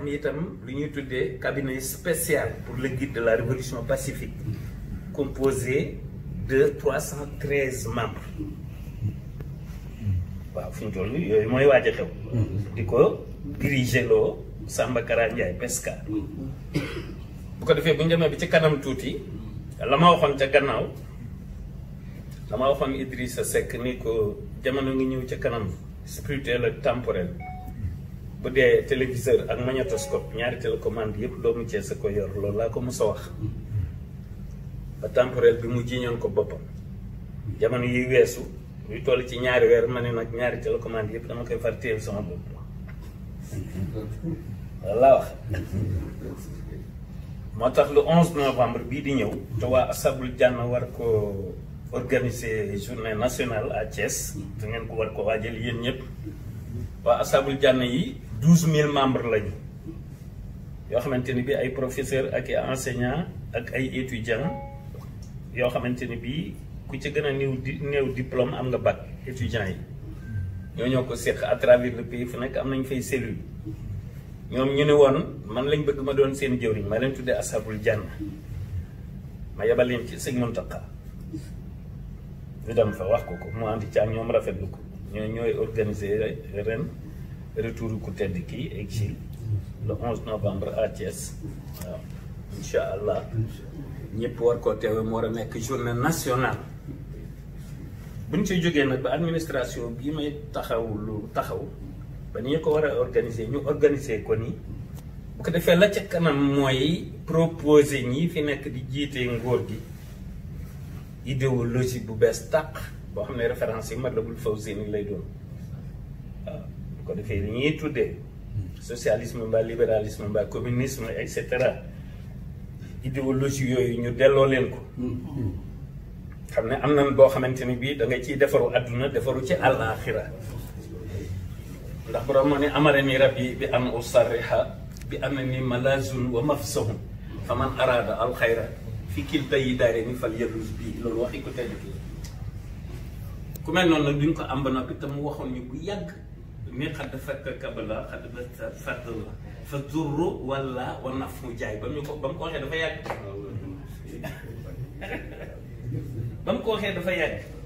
am itam lu ñuy tuddee cabinet spécial pour le guide de la révolution pacifique composé de trois cent treize membres waaw fi ñu toll yooyu mooy waaj a xew di ko diriger loo Samba Kara Ndiaye Pesca bu ko defee bu ñu bi ci kanam tuuti la ma waxoon ca gannaaw la ma waxoon Idrissa Seck ni ko jamono ngi ñëw ca kanam spirituel ak temporel bu dee téléviseur ak magnétoscope ñaari télécommande yëpp doomu Cees a ko yor loolu laa ko mos a wax ba temporel bi mu jiñoon ko boppam jamono yi weesu luy toll ci ñaari weer ma ne nag ñaari télécommande yëpp dama koy far téel sama bopp loolu laa wax moo tax lu 11 novembre bii di ñëw te waa Asabul Janna war ko organiser journée nationale à Thiès te ngeen ko war ko waajal yéen ñëpp waa Asabul Janna yi douze mille membres lañu yoo xamante ni bi ay professeur ak i enseignant ak ay étudiants yoo xamante ni bi ku ci gën a néew di néew diplôme am nga bac étudiants yi ñoo ñoo ko seq à travers le pays fu nekk am nañ fay cellule ñoom ñu ne woon man lañ bëgg ma doon seen yi ma leen tuddee asabul jànn ma yebal leen ci sëñ Mountakha ñu dem fa wax ko ko mu ànd ci ak ñoom rafetlu ko ñoo ñooy organiser ren retour ku tedd kii exil le 11 novembre à Thiès waaw incha allah ñëpp war koo teewe mu war a nekk journée nationale bu ñu ci jógee nag ba administration bi may taxaw lu taxaw ba ni ñu ko war a organiser ñu organiser ko ni bu ko defee la ca kanam mooy proposer ñi fi nekk di jiite ngóor gi idéologie bu bees tàq boo xam ne référence yi Matlabul Fawzayni lay doon ko defee li ñuy tuddee socialisme mbaa libéralisme mbaa communisme et cetera idéologie yooyu ñu delloo leen ko xam ne am nan boo xamante ni bii da nga ciy defaru àdduna defaru ci àllaaxira ndax borom moo ne amara ni rab yi bi an usarriha bi na ni malazun wa mafsahum fa man araada alxayra fi kilta yi daare ni fal yalus bii loolu waxi ko tedd ku mel noonu nag duñ ko am ba noppi te mu waxoon ñu bu yàgg mais xadd fakk kabala xadd ba fadd la fa zurru wala wa naf mu jaay ba mu ko ba mu ko waxee dafa yàgg ah, ba mu ko waxee dafa yàgg